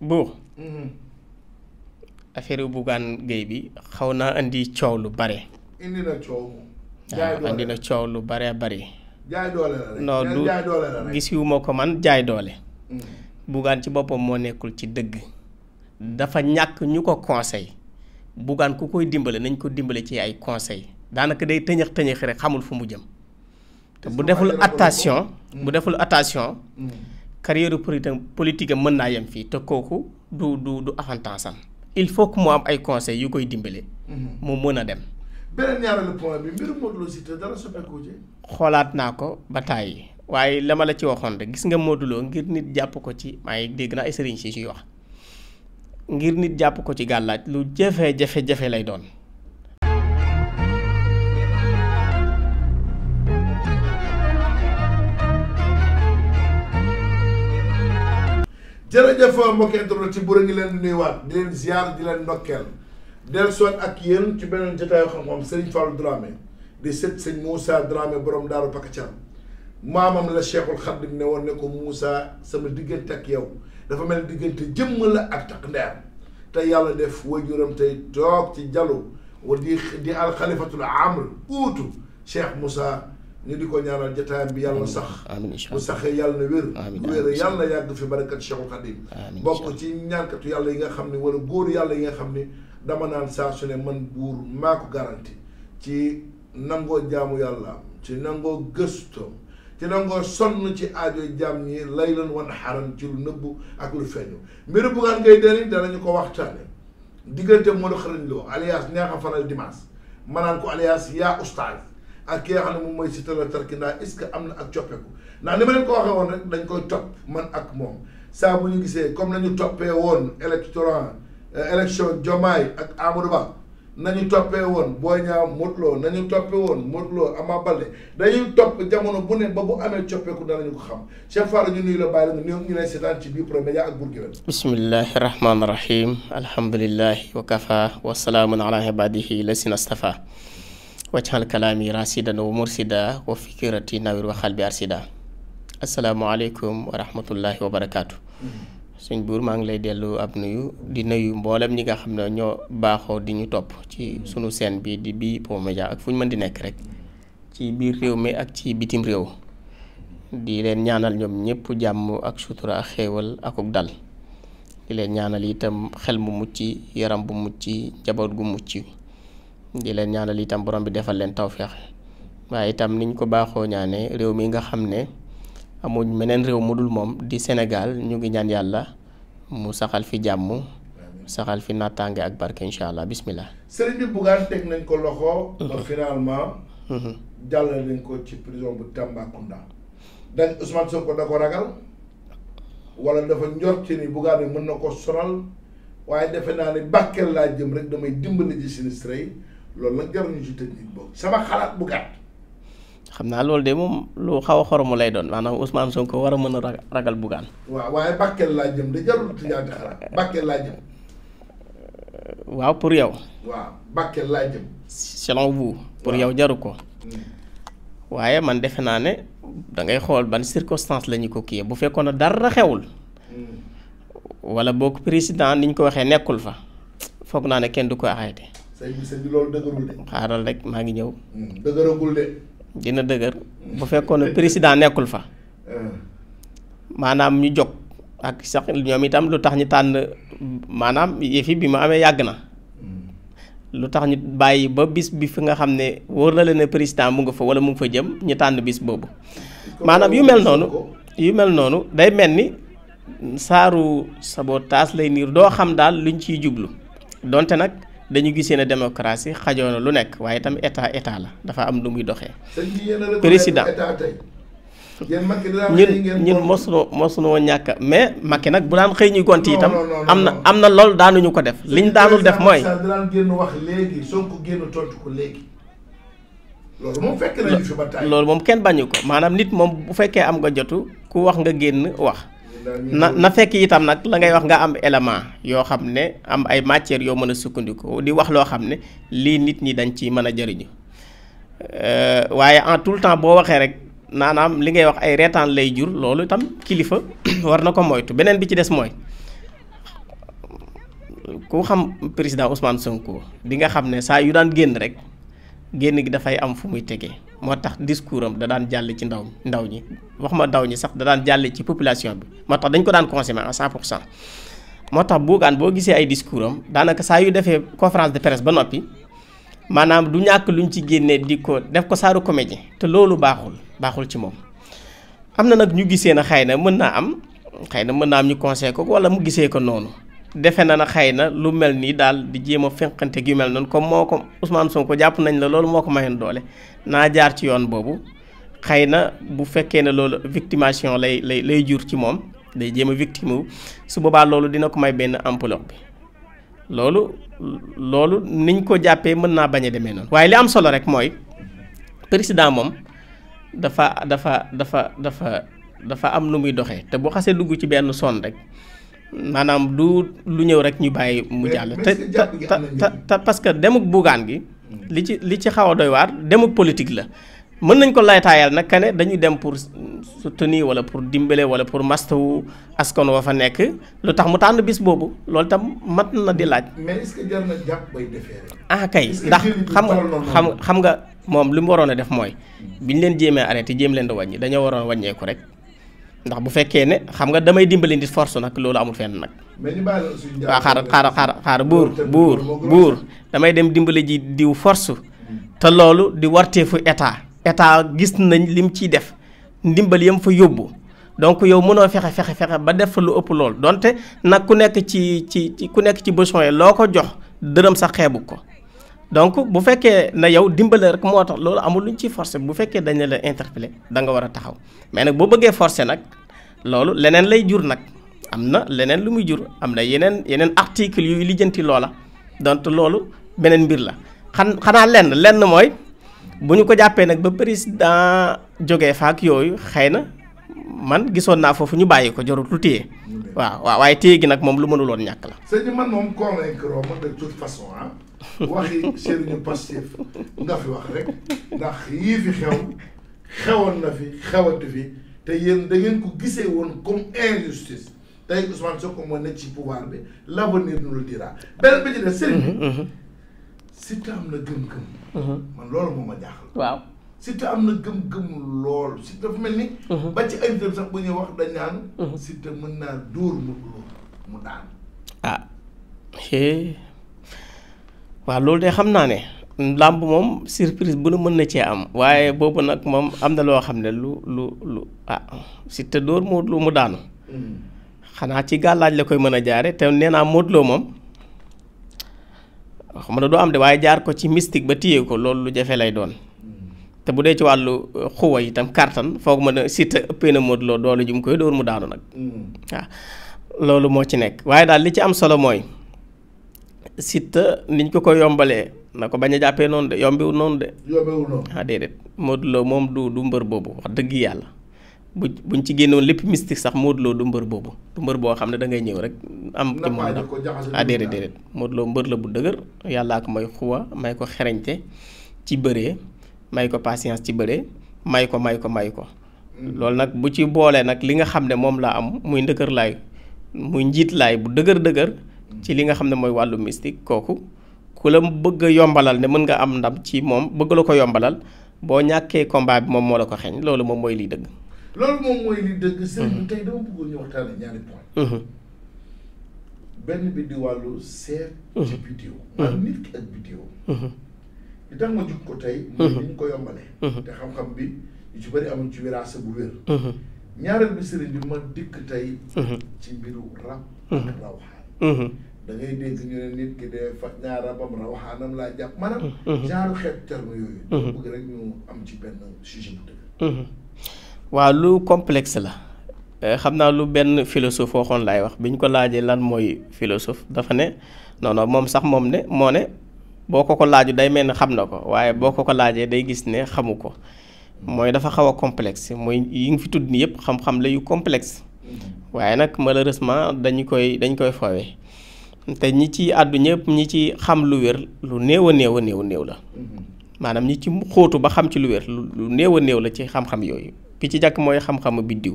buur mm-hmm. affaire Bougane Gueye bi xaw naa indi coow lu bare. coow waaw indi na coow lu bare bari. jaay doole gisiwuma ko man jaay doole. Mm-hmm. Bougane ci boppam moo nekkul ci dëgg. dafa ñàkk ñu ko conseil Bougane ku koy dimbale nañ ko dimbale ci ay conseil daanaka day tëñëx tëñëx rek xamul fu mu jëm. te bu mm-hmm. deful attention bu deful attention. carrière politique am mën naa yem fii te kooku du du du avantage am il faut que mu am ay conseil yu koy dimbale. Mhm. mu mën a dem. xoolaat naa ko ba tàyyi waaye lama la ci waxoon rek gis nga Modou ngir nit jàpp ko ci maa ngi dégg naa ay sëriñ si suy wax ngir nit jàpp ko ci gàllaaj lu jafe jafe jafe lay doon. jërëjëf mbokk internet ci bu ngi leen di nuyuwaat di leen di leen ndokkeel del soit ak yéen ci beneen jotaayu xam-xam Serigne Fallou Dramé di sët sëñ Moussa Dramé borom Daaru Pakacam maamam la Cheikhul Khadim ne woon ne ko Moussa sama diggante ak yow dafa mel diggante jëmm la ak takk ndeer te yàlla def wajuram tey toog ci jalu wa di di alxalifatul amr uutu Cheikh Moussa ñu di ko ñaanal jotaayam bi yàlla sax bu saxee yàlla na wér bu wéree yàlla yàgg fi barakat Cheikhul Khadim bokk ci ñaankatu yàlla yi nga xam ne wala góor yàlla yi nga xam ne dama naan saa su ne man buur maa ko ci nangoo jaamu yàlla ci nangoo gëstoom ci nangoo sonn ci aajo jaam ñi lay lan wan xaram ci lu nëbbu ak lu feeñu mbiru Bougane Gueye Dany danañu ko waxtaane diggante Modou Xarañ Lo alias neexa faral dimanche manaan ko alias yaa oustaz ak ki nga xam ne moom mooy Siteu la Tarkindaa est-ce que am na ak coppeeku ndax ni ma leen ko waxee woon rek dañ koy topp man ak moom saa bu ñu gisee comme nañu toppee woon électorat euh, élection Diomaye ak Amadou Ba nañu toppee woon Boy Niang nañu toppee woon Modou Lo Ama Baldé dañuy topp jamono bu ne ba bu amee coppeeku danañu ko xam Cheikh Fall ñu nuyu la bàyyi la nga ñu lay seetaan ci biir promédia ak Bourguiba bismillahi rahmaani rahim alhamdulillahi wa kafa wa salaamun ala ibadihi wajhal kalaami rasidan wa mursida wa fikirati nawir wa xalbi arsida asalaamaaleykum wa rahmatullahi wa barakaatu. suñ buur maa ngi lay dellu ab nuyu di nuyu mboolem li nga xam ne ñoo baaxoo di ñu topp ci sunu seen bi di bii Bprod Média ak fu ñu mën di nekk rek ci biir réew mi ak ci bitim réew di leen ñaanal ñoom ñëpp jàmm ak sutura ak xéewal akuk dal di leen ñaanal itam xel mu mucc yaram bu mucc njaboot gu mucc di leen ñaanal itam borom bi defal leen tawféex waaye itam niñ ko baaxoo ñaane réew mi nga xam ne amuñ meneen réew mu dul moom di Sénégal ñu ngi ñaan yàlla mu saxal fi jàmm saxal fi nattaange ak barke incha allah bismillah. sëriñ bi teg nañ ko loxo. ba mhm. finalement. Mhm. jàllale nañ ko ci prison bu Tambacounda. dañ Ousmane Sonko da ko ragal wala dafa njort ci ni Bougane mën na ko sonal waaye defe naa ne Bakel laa jëm rek damay dimbali ci sinistre loolu nag jaruñu ci technique boobu sama xalaat bu xam naa loolu de moom lu xaw a xoromu lay doon maanaam Ousmane ko war a mën a ragal Bougane. waaw waaye Bakel laa jëm de jarul tijaati xalaat Bakel laa jëm. waaw pour yow. waaw Bakel laa jëm. selon vous pour yow jaru ko. Hmm. waaye man defe naa ne da ngay xool ban circonstance la ñu ko kii bu fekkoon ne dara xewul. Hmm. wala boog président niñ ko waxee nekkul fa foog naa ne kenn du ko arrêté. sëñ bi loolu dëgërul de. xaaral rek maa ngi ñëw. Hmm, dëgëragul de. dina dëgër bu fekkoon ne président nekkul fa. Hmm. maanaam ñu jóg ak sax ñoom itam lu tax ñu tànn maanaam yëfi bi ma amee yàgg na. Hmm. lu tax ñu bàyyi ba bis bi fi nga xam ne wóor na leen ne président mu nga fa wala mu ngi fa jëm ñu tànn bis boobu maanaam yu mel noonu yu mel noonu day mel ni saaru sabotage lay niir doo xam daal luñ ciy jublu donte nag dañu gisee ne démocratie xajoo na lu nekk waaye itam état état la dafa am lu muy doxee. président ñun ñun mosuñoo mosuñoo ñàkk mais Macky nag bu daan xëy ñuy gont itam am na am na loolu daanuñu ko def liñ daanul def mooy. daan génn wax léegi Sonko génn tontu ko loolu moom loolu moom kenn bañu ko maanaam nit moom bu fekkee am nga jotu ku wax nga génn wax. na na fekk itam nag la ngay wax nga am élément yoo xam ne am ay matières yoo mën a sukkandiku di wax loo xam ne lii nit ñi dañ ci mën a jëriñu euh, waaye en tout le temps boo waxee rek naanaam li ngay wax ay reetaan lay jur loolu itam kilifa war na ko moytu beneen bi ci des mooy ku xam président Ousmane Sonko di nga xam ne saa yu daan génn rek. génn gi dafay am fu muy tegee moo tax discours am da daan jàll ci ndaw ndaw ñi wax ma ndaw ñi sax da daan jàll ci population bi moo tax dañ ko daan consommer à 100 pour cent moo tax buugaan boo gisee ay discours am daanaka saa yu defee conférence de presse ba noppi maanaam du ñàkk ñu ci génnee di ko def ko saaru comédien te loolu baaxul baaxul ci moom. am na nag ñu gisee na xëy na mën naa am xëy na mën naa am ñu conseil ko wala mu gisee ko noonu defe na na xëy na lu mel nii daal di jéem a fenqante gi mel noonu comme moo ko usmaan Ousmane ko jàpp nañ la loolu moo ko mayoon doole naa jaar ci yoon boobu xëy na bu fekkee ne loolu victimation lay lay lay jur ci moom day jéem a victime wu su boobaa loolu dina ko may benn ampleur loolu loolu niñ ko jàppee mën naa bañ a demee noonu. waaye li am solo rek mooy président moom dafa dafa dafa dafa dafa am nu muy doxee te bu xasee dugg ci benn son rek. maanaam du lu ñëw rek ñu bàyyi mu jàll te te te parce que demuk bugaan gi li ci li ci xaw a doy waar demuk politique la mën nañ ko laytaayal nag que ne dañu dem pour soutenir wala pour dimbale wala pour mastawu askan wa fa nekk lu tax mu tànn bis boobu loolu tam mat na di laaj. ah kay ndax xam nga xam xam nga moom li mu waroon a def mooy bi ñu leen jéemee arrêté jéem leen di wàññi dañoo waroon a wàññeeku rek. ndax bu fekkee ne xam nga damay dimbali nit force nag loolu amul fenn nag waaw xaaral xaaral xaaral buur buur buur damay dem dimbali ji diw force hmm. te loolu di warteefu état état gis nañ lim ciy def ndimbal yam fa yóbbu donc yow mënoo fexe fexe fexe ba def fa lu ëpp loolu donte nag ku nekk ci ci ku nekk ci yi loo ko jox dërëm sa xeebu ko donc bu fekkee na yow dimbale rek moo tax loolu amul luñ ci forcé bu fekkee dañ la interpellé da nga war a taxaw mais nag boo bëggee forcé nag loolu leneen lay jur nag am na leneen lu muy jur am na yeneen yeneen article yuy lijjanti loola donc loolu beneen mbir la xan xanaa lenn lenn mooy bu ñu ko jàppee nag ba président jógee faak yooyu xëy na man gisoon naa foofu ñu bàyyi ko jorut lu téye waaw waaw waaye téye gi nag moom lu mënuloon ñàkk la. sëñ man moom convaincre ma de toute façon ah waxi sëriñu Pastef nga fi wax rek ndax yii fi xew xewoon na fi xewati fi te yéen da ngeen ko gisee woon comme injustice tey Ousmane Sonko moo nekk ci pouvoir bi l'avenir nous le dira beneen bi ci des bi si taam na gëm-gëm. Mm-hmm. man loolu moo ma jaaxal. waaw. Siteu am na gëm-gëm lool Siteu dafa mel ni. Mhm. ba ci ay sax bu ñuy wax dañ naan. Mhm. Siteu mën naa dóor mu ah, loolu de xam naa ne làmb moom surprise bu ne mën na cee am waaye boobu nag moom am na loo xam ne lu lu lu ah Siteu mu daanu. Mhm. xanaa ci gàllaaj la koy mën a jaare te nee naa Modou Lo moom xam na doo am de waaye jaar ko ci mystique ba téye ko loolu lu jafe lay doon te bu dee ci wàllu euh, xuwa itam kartan foog mën a Siteu ëppee na mootuloo doole ju mu koy dóor mu daanu nag mm. waaw loolu moo ci nekk waaye daal li ci am solo mooy Siteu niñ ko ko yombalee na ko bañ a jàppee noonu de yombiwul noonu de ah, moom du du mbër boobu dëgg yàlla bu ci génnoon lépp mystique sax Modou du mbër boobu du boo xam ne ñëw rek am ci moom dam ah déedéet mbër la bu dëgër yàllaa ko may xuwa may ko xereñte ci bëree may ko patience ci bëre may ko may ko may ko loolu nag bu ci boolee nag li nga xam ne moom laa am muy ndëkkër lay muy njiit laay bu dëgër dëgër ci li nga xam ne mooy wàllu mystique kooku ku la bëgg yombalal ne mën nga am ndam ci moom bëgg la ko yombalal boo ñàkkee combat bi moom moo la ko xeeñ loolu moom mooy liy dëgg. li tax mhm. ñu mhm. te xam-xam bi ci bëri bu wér. Mhm. ñaareel bi da ngay dégg ñu ne nit ki de faj naa rabam rawxaanam laa jàpp maanaam. genre xeet terme yooyu. dama bëgg rek ñu am ci benn sujet bu dëgg. waaw lu complexe la. Eh, xam naa lu benn philosophe waxoon laay wax bi ñu ko laajee lan mooy philosophe dafa ne non non moom sax moom ne moo ne. boo ko ko laaju day mel ne xam na ko waaye boo ko ko laajee day gis ne xamu ko mooy dafa xaw a complexe mooy yi nga fi tudd ni yëpp xam-xam la yu complexe waaye nag malheureusement dañu koy dañ koy foowee te ñi ci àddu ñëpp ñi ci xam lu wér lu néew a néew a néew néew la maanaam ñi ci xóotu ba xam ci lu wér lu néew a néew la ci xam-xam yooyu ki ci jàkk mooy xam-xamu biddiw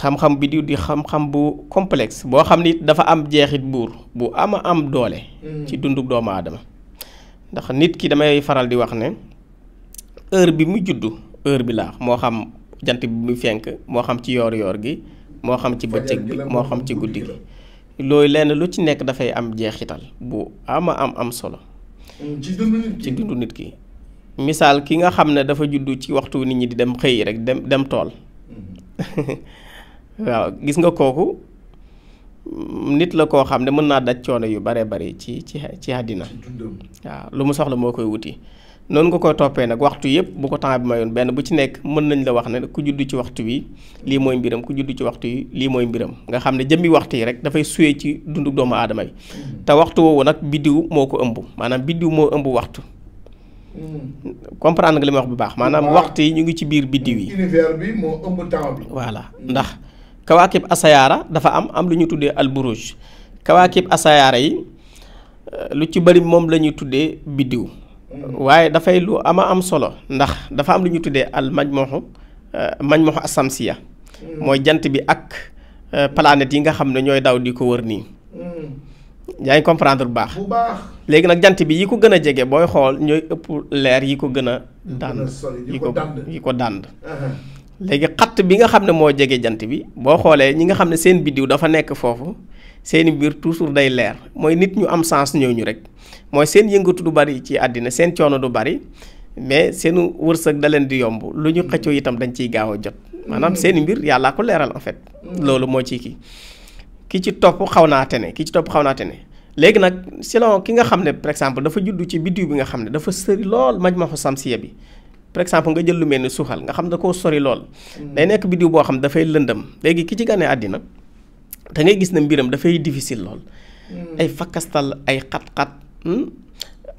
xam-xam bi di di xam-xam bu complexe boo xam ni dafa am jeexit buur bu ama am doole. Mm. ci dundu doomu aadama. ndax nit ki damay faral di wax ne heure bi mu juddu heure bi laa moo xam jant bi mu fenk moo xam ci yoor-yoor gi moo xam ci bëccëg bi moo xam ci guddi gi. loolu lenn lu ci nekk dafay am jeexital bu ama am am solo. Mm, ci ci dundu nit ki. misaal ki nga xam ne dafa juddu ci waxtu nit ñi di dem xëy rek dem dem tool. Mm. waaw gis nga kooku mm, nit la koo xam ne mën naa daj coono yu bare bari ci ci ci àddina waaw lu mu soxla moo koy wuti noonu nga koy toppee nag waxtu yëpp bu ko temps bi mayoon benn bu ci nekk mën nañ la wax ne ku judd ci waxtu wi lii mooy mbiram ku judd ci waxtu yi lii mooy mbiram nga xam ne jëmmi waxtu yi rek dafay suye ci dundu doomu aadama bi mm. te waxtu woowu nag biddiw moo ko ëmb maanaam biddiw moo ëmb waxtu mm. comprend nga li ma wax bu baax maanaam waxtu yi ñu ngi ci biir biddiw yi ndax kawaakib asayaara dafa am am lu ñu tuddee alburuj kawaakib asayaara yi euh, lu ci bëri moom la ñuy tuddee biddiw waaye dafay lu ama am solo ndax dafa am lu ñu tuddee al majmuhu euh, majmuhu asamsiya mooy jant bi ak euh, planètes yi nga xam ne ñooy daw di ko wër nii yaa ngi comprendre bu baax léegi nag jant bi yi ko gën a jege booy xool ñooy ëpp leer yi ko gën a dànd yi ko yi ko dànd uh-huh. léegi xatt bi nga xam ne moo jege jant bi boo xoolee ñi nga xam ne seen biddiw dafa nekk foofu seeni mbir toujours day leer mooy nit ñu am sens ñooñu rek mooy seen yëngatu du bari ci àddina seen coono du bari mais seenu wërsëg da leen di yomb lu ñu xëccoo itam dañ ciy gaaw a jot maanaam seen mbir yàlla ko leeral en fait loolu moo ci kii ki ci topp xaw naa tene ki ci topp xaw naa tene léegi nag selon ki nga xam ne par exemple dafa juddu ci biddiw bi nga xam ne dafa sëri lool maj ma xu bi par exemple nga jël lu mel ni suuxal nga xam ne koo sori lool. Mm. day nekk biddiw boo xam dafay lëndam léegi ki ci gane àddina da ngay gis na mbiram dafay difficile lool. Mm. ay fakkastal ay xat-xat. Hmm?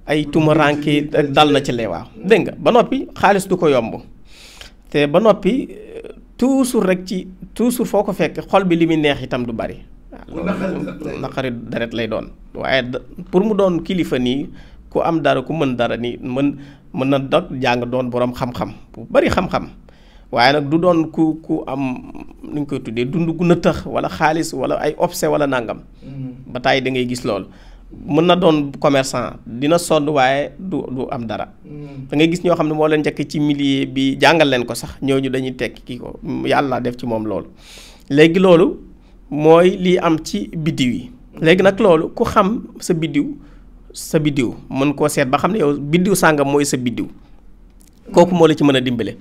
ay mm. tumaranke dal na ci lee waaw dégg nga ba noppi xaalis du ko yomb te ba noppi toujours rek ci toujours foo ko fekk xol bi li muy neex itam du bari naqari deret lay doon waaye pour mu doon kilifa nii ku am dara ku mën dara nii mën mën na nag jàng doon borom xam-xam bu bari xam-xam waaye nag du doon ku ku am nu ñu koy tuddee dund gu nëttax wala xaalis wala ay obse wala nangam. Mm-hmm. ba tàyyi da ngay gis loolu. mën na doon commerçant dina sonn waaye du du am dara. Mm-hmm. da ngay gis ñoo xam ne moo leen njëkk ci millier bi jàngal leen ko sax ñooñu dañuy tekki kii ko yàlla def ci moom loolu. léegi loolu mooy li am ci biddiw yi. Mm-hmm. léegi nag loolu ku xam sa biddiw. sa biddiw mën koo seet ba xam ne yow biddiw sàngam mooy sa biddiw kooku moo la ci mën a dimbale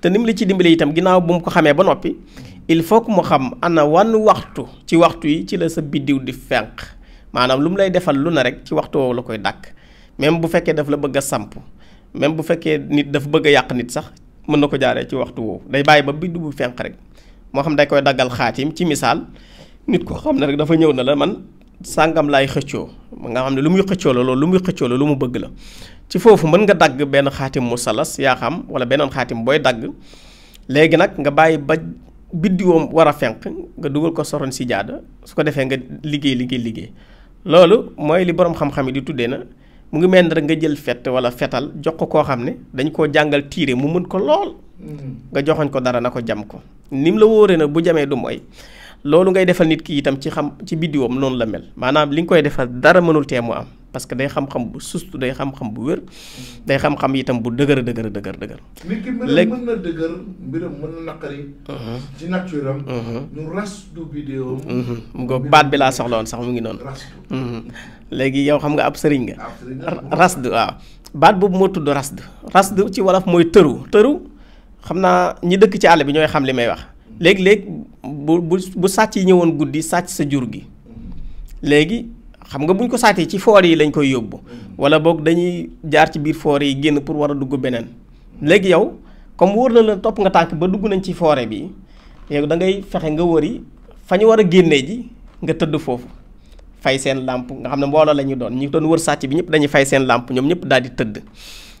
te ni mu la ci dimbale itam ginnaaw bu mu ko xamee ba noppi il faut que mu xam ana wan waxtu ci waxtu yi ci la sa biddiw di fenq maanaam lu lay defal lu na rek ci waxtu woowu la koy dàkk même bu fekkee daf la bëgg a samp même bu fekkee nit daf bëgg a yàq nit sax mën na ko jaaree ci waxtu woowu day bàyyi ba biddiw bu fenq rek moo xam day koy daggal xaatim ci misaal nit ko xam na rek dafa ñëw na la man sàngam laay xëccoo nga xam ne lu muy xëccoo la loolu lu muy xëccoo la lu mu bëgg la ci foofu mën nga dagg benn xaatim salas yaa xam wala beneen xaatim booy dagg léegi nag nga bàyyi ba biddiwoom war a fenq nga dugal ko soron si jaada su ko defee nga liggéey liggéey liggéey loolu mooy li borom xam-xam yi di tuddee na mu ngi mel ne rek nga jël fet wala fetal jox ko koo xam ne dañ koo jàngal tiire mu mën ko lool mm-hmm. nga joxoñ ko dara na ko jam ko nim la wóoree na bu jamee du mooy loolu ngay defal nit kii itam ci xam ci biddiwoom noonu la mel maanaam li nga koy defal dara mënul tee mu am parce que day xam-xam bu sustu day xam-xam bu wér day xam-xam itam bu dëgër dëgër dëgër dëgër. léegi mën na dëgër mhm. mhm. mhm. baat bi laa soxla sax mu ngi noonu. léegi yow xam nga ab sëriñ nga. rasdu baat boobu moo tudd rasdu rasdu ci wolof mooy tëru tëru xam naa ñi dëkk ci àll bi ñooy xam li may wax. léegi léeg bu bu sàcc yi ñëwoon guddi sàcc sa jur gi léegi xam nga buñ ko sàccee ci foor yi lañ koy yóbbu wala boog dañuy jaar ci biir foor yi génn pour war a dugg beneen léegi yow comme wóor na la topp nga tànk ba dugg nañ ci foore bi yow da ngay fexe nga wëri fa ñu war a génnee ji nga tëdd foofu fay seen làmp nga xam ne mbooloo la ñu doon ñu doon wër sàcc bi ñëpp dañuy fay seen làmp ñoom ñëpp daal di tëdd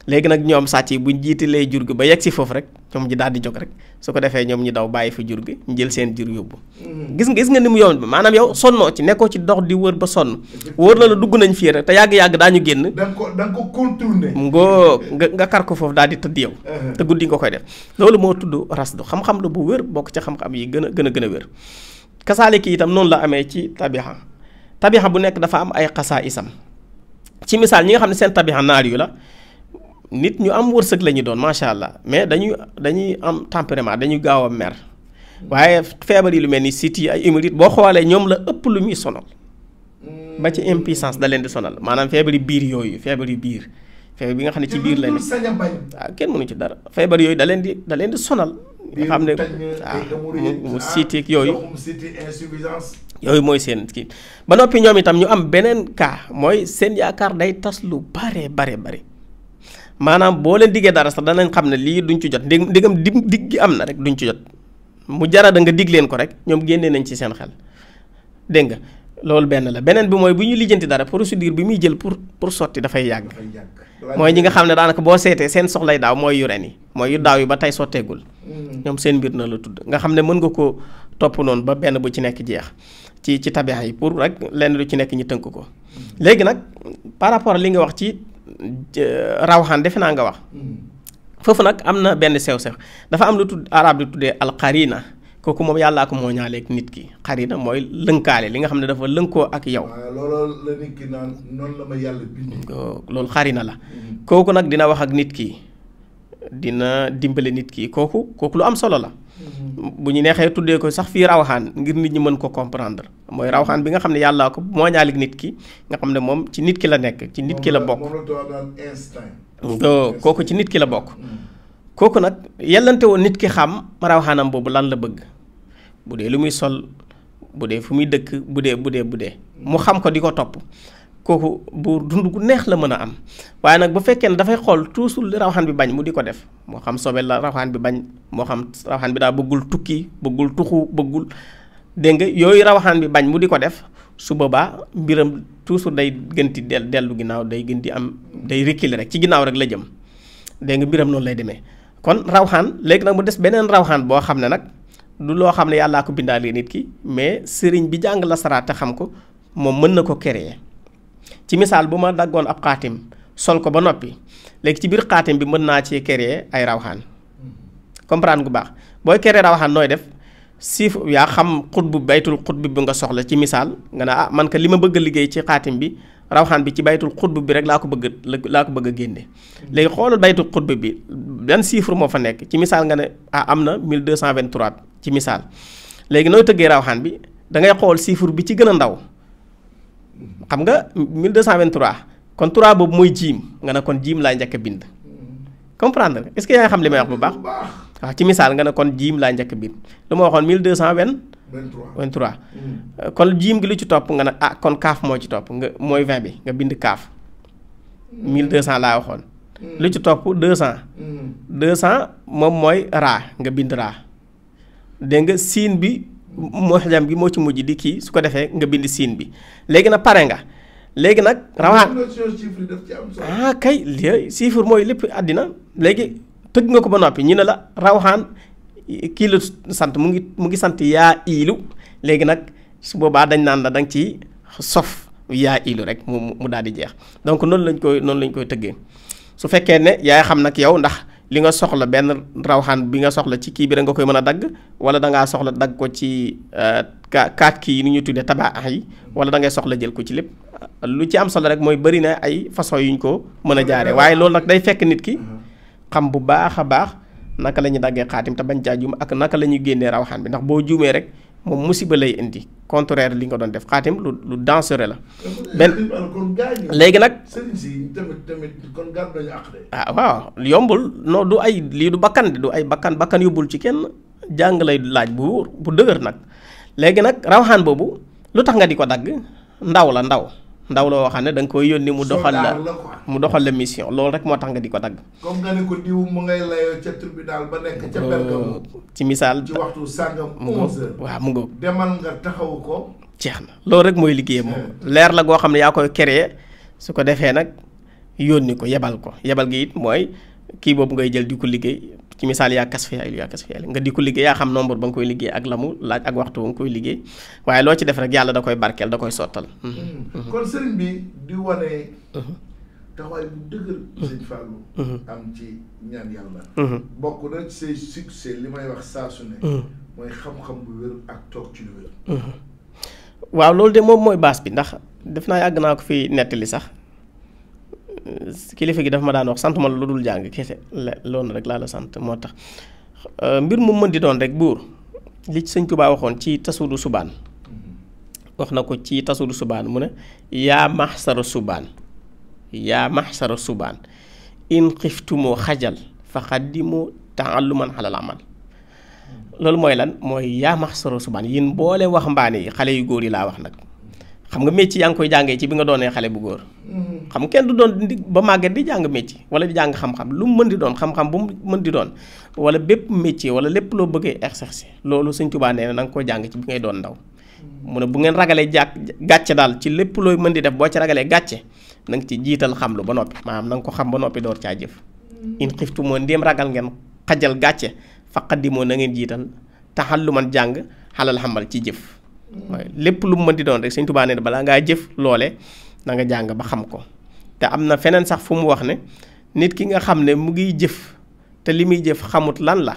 léegi nag ñoom sàcc yi buñ jiitalee jur gi ba yegg si foofu rek ñoom ji daal di rek su ko defee ñoom ñu daw bàyyi fi jur gi ñu jël seen jur yóbbu mm-hmm. gis nga nga ni mu yoon bi maanaam yow sonnoo ci nekkoo ci dox di wër ba sonn wóor na la dugg nañ fii rek te yàgg-yàgg daañu génn da nga ko da nga ko contourné ngoo nga kar ko foofu daal di tëdd yow uh-huh. te guddi nga koy def loolu moo tudd rasdu xam-xam la bu wér bokk ci xam-xam yi gën a gën a gën a wér kasaali kii itam noonu la amee ci tabixa tabixa bu nekk dafa am ay xasaa isam ci misaal ñi nga xam ne seen tabixa naar la nit ñu am wërsëg la ñu doon macha allah mais dañuy dañuy am tempérament dañuy gaaw a mer waaye feebar yi lu mel ni sites ay humidité boo xoolee ñoom la ëpp lu ñuy sonal. Hmm. ba ci impuissance da leen di sonal maanaam feebar yi biir yooyu feebar yu biir. feebar bi nga xam ne ci biir la ne waaw ah, kenn mënu ci dara feebar yooyu da leen di da leen di sonal. nga xam ne waaw ah, mu siiti yooyu. yooyu mooy seen kii ba noppi ñoom itam ñu am beneen cas mooy seen yaakaar day tas lu bare bare bare. maanaam boo leen diggee dara sax danañ xam ne lii duñ ci jot ndégam ndégam digg gi am na rek duñ ci jot mu jara da nga dig leen ko rek ñoom génnee nañ ci seen xel dégg nga loolu benn la beneen bi mooy bu ñu lijjanti dara procédure bi muy jël pour pour sotti dafay yàgg mooy ñi nga xam ne daanaka boo seetee seen soxlay daaw mooy yu ren yi mooy yu daaw yi ba tey sotteegul mm. ñoom seen mbir na la tudd nga xam ne mën nga ko topp noonu ba benn bu ci nekk jeex ci ci tabixa yi pour rek lenn lu ci nekk ñu tënk ko mm. léegi nag li nga wax ci rawxaan defe naa nga wax hmm. foofu nag am na benn sew-sew dafa am lu tudd arab di tuddee alqarina kooku moom yàllaa ko moo ñaaleeg nit ki xarina mooy lënkaale li nga xam ne dafa lënkoo ak yow. loolu la nit ki naan la oh, hmm. kooku nag dina wax ak nit ki dina dimbale nit ki kooku kooku lu am solo la. Hmm. bu ñu neexee tuddee ko sax fii rawaxaan ngir nit ñi mën ko comprendre. mooy rawxaan bi nga xam ne yàllaa ko moo ñaalik nit ki nga xam ne moom ci nit ki la nekk ci nit ki la bokk kooku ci nit ki la bokk kooku nag yellante woon nit ki xam rawxaanam boobu lan la bëgg bu dee lu muy sol bu dee fu muy dëkk bu dee bu dee bu dee mu xam ko di ko topp kooku buur dund gu neex la mën a am waaye nag bu fekkee ne dafay xool toujours li rawxaan bi bañ mu di ko def moo xam sobe la rawxaan bi bañ moo xam rawxaan bi daal bëggul tukki bëggul tuxu bëggul dégg nga yooyu rawaxaan bi bañ mu di ko def su boobaa mbiram toujours day gën di dellu ginnaaw day gën di am day reculer rek ci ginnaaw rek la jëm dégg nga mbiram noonu lay demee. kon rawxaan léegi nag mu des beneen rawaxaan boo xam ne nag du loo xam ne yàllaa ko bindaalee nit ki mais sëriñ bi jàng la saraat te xam ko moom mën na ko créer ci misaal bu ma daggoon ab xaatim sol ko ba noppi léegi ci biir xaatim bi mën naa ci créer ay rawxaan mm-hmm. comprendre gu baax booy créer rawxaan nooy def. siif yaa xam xutbu baytul xutbu bi nga soxla ci misaal nga ne ah man ka li ma bëgg a liggéey ci xaatim bi rawxaan bi ci baytul xutbu bi rek laa ko bëgg laa ko bëgg a génne léegi xoolal baytul xutbu bi ban chiffre moo fa nekk ci misaal nga ne ah am na 1223 ci misaal léegi nooy tëggee rawxaan bi da xool chiffre bi ci gën a ndaw xam nga mille 1223 kon 3 boobu mooy jiim nga ne kon jiim laa njëkk a bind comprendre est-ce yaa xam li may wax bu baax waaw ci misaal nga ne kon jiim laa njëkk bind lu ma waxoon 1223 23 hmm. kon jiim gi lu ci topp nga ne ah kon kaaf moo ci topp nga mooy 20 bi nga bind kaaf 1200 hmm. laa waxoon hmm. lu ci topp 200 200 moom mooy raa nga bind raa dégg nga siin bi moxjam bi moo ci mujj di kii su ko defee nga bind siin bi léegi nag pare nga léegi nag rawaan ah kay li chiffre mooy lépp àddina léegi tëj nga ko ba noppi ñu ne la rawxaan kii la sant mu ngi mu ngi sant yaa iilu léegi nag su boobaa dañ naan la da nga ciy sof yaa iilu rek mu mu daal di jeex donc noonu lañ koy noonu lañ koy tëggee su fekkee ne yaay xam nag yow ndax li nga soxla benn rawxaan bi nga soxla ci kii bi rek nga koy mën a dagg wala da soxla dagg ko ci euh, kaat kii yi ni ñuy tuddee tabaax yi wala dangay soxla jël ko ci lépp lu ci am solo rek mooy bëri na ay façon yuñ ko mën a jaaree waaye loolu nag day fekk nit ki. Mm-hmm. xam bu baax a baax naka la ñuy daggee xaatim te bañ caa juum ak naka la ñuy génnee rawxaan bi ndax boo juumee rek moom musiba lay indi contraire li nga doon def xaatim lu lu dangereux la. benn léegi nag. kon gàddu nañu ah waaw yombul non du ay lii du bakkan du ay bakkan bakkan yóbbul ci kenn jàng lay laaj bu bu dëgër nag léegi nag rawxaan boobu lu tax nga di ko dagg ndaw la ndaw. ndaw la woo xam ne danga koy yónni mu doxal la mu doxal la mission loolu rek moo tax nga di ko dagg comme nga ne ko diw mu ngay layoo ca tribunal ba nekk euh, ci misaal ci mu ngoog demal nga taxaw ko. ceex na loolu rek mooy liggéeyam moom euh. leer la goo xam ne yaa koy këree su ko defee nag yónni ko yebal ko yebal gi it mooy. kii boobu ngay jël di ko liggéey ci misaal yaa kas fiyaay lu yaa kas fiyaay nga di ko liggéey yaa xam nombre ba nga koy liggéey ak la mu laaj ak waxtu nga koy liggéey waaye loo ci def rek yàlla da koy barkeel da koy sottal. Hmm. Hmm. Hmm. kon sëriñ bi di wane. taxawaay bu dëgër. sëñ Fallou. am ci ñaan yàlla. bokk na say succès li may wax saa su ne. mooy xam-xam bu wér ak toog ci lu wér. waaw loolu de moom mooy baas bi ndax def naa yàgg naa ko fi nettali sax kilifa gi dafa ma daan wax sant ma lu dul jàng kese la loolu rek laa la sant moo tax euh, mbir mu mën di doon rek buur li sëñ Tuubaa waxoon ci tasudu subaan wax na ko ci tasudu subaan mu ne yaa maxsara subaan yaa maxsara subaan in xiftumoo xajal fa xaddimoo taalluman xalal amal loolu mooy lan mooy yaa maxsara subaan yin boole wax mbaane yi xale yu góor yi laa wax nag xam nga métier yaa ngi koy jàngee ci bi nga doonee xale bu góor. Mm. xam kenn du doon di ba màgget di jàng métier wala di jàng xam-xam lu mu mën di doon xam-xam mu mën di doon wala bépp métier wala lépp loo bëggee exercer loolu Sëñ Tuubaa nee na na nga ko jàng ci bi ngay doon ndaw. Mm. mu ne bu ngeen ragalee jàkk gàcce daal ci lépp mën di def boo ci ragalee gàcce na nga jiital xam ba noppi maanaam na nga ko xam ba noppi door caa jëf. Mm. in xiftu moo ndéem ragal ngeen xajal gàcce faqaddimoo na ngeen jiital taxal lu man jàng xalal xamal ci jëf waaye lépp lu mu mënti doon rek sëñ Tuubaa nee na balaa ngaa jëf loole nanga jàng ba xam ko te am na feneen sax fu mu wax ne nit ki nga xam ne mu ngi jëf te li muy jëf xamut lan la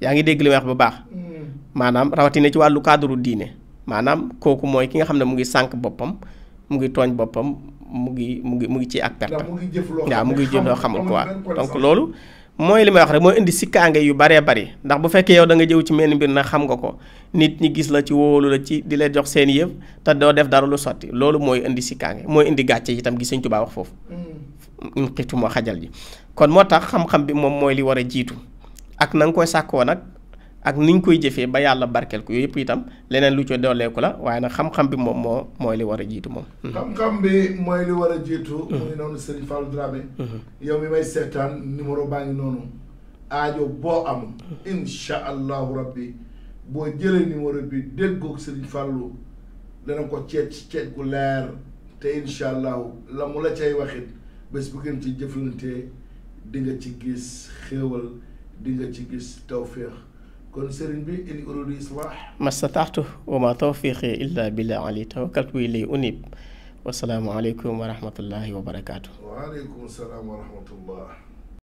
yaa ngi dégg li may wax bu baax mm. maanaam rawatina ci wàllu cadre diine maanaam kooku mooy ki nga xam ne mu ngi sànq boppam mu ngi tooñ boppam mu ngi mu ngi mu ngi ci ak perte waaw mu ngi jëf loo xamul quoi donc loolu mooy li may wax rek mooy indi sikkaange yu baree bari ndax bu fekkee yow danga jëw ci ni mbir na xam nga ko nit ñi gis la ci wóolu la ci di leen jox seen yëf te doo def dara lu sotti loolu mooy indi sikkaange mooy indi gàcce itam gi Sëñ Tuubaa wax foofu mm. xitu moo xajal ji kon moo tax xam-xam bi moom mooy li war a jiitu ak na nga koy sàkkoo nag ak niñ koy jëfee ba yàlla barkeel ko yooyu yëpp itam leneen lu ci dolleeku la waaye nag xam-xam bi moom moo mooy li war a jiitu moom. Hmm. xam-xam bi mooy li war a jiitu. Hmm. mu ngi noonu Serigne Fallou Dramé. Hmm. yow mi may seetaan numéro baa ngi noonu aajo boo am. incha allahu rabbi boo jëlee numéro bi déggoog Serigne Fallou dana ko ceet ceet gu leer te incha allahu la mu la cay waxit bés bu ngeen ci jëflante di ci gis xéewal di ci gis tawféex. kon sëriñ bi in uridu islah mastataxtu wa ma tawfiqi illa billah ali tawakkaltu ilay unib wasalaamu aleykum wa rahmatullahi wa barakaatu. waaleykum salaam wa rahmatullah